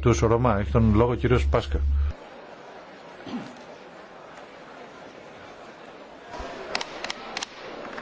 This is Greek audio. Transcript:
τους Ρωμά. Έχει τον λόγο ο κύριος Πάσκα.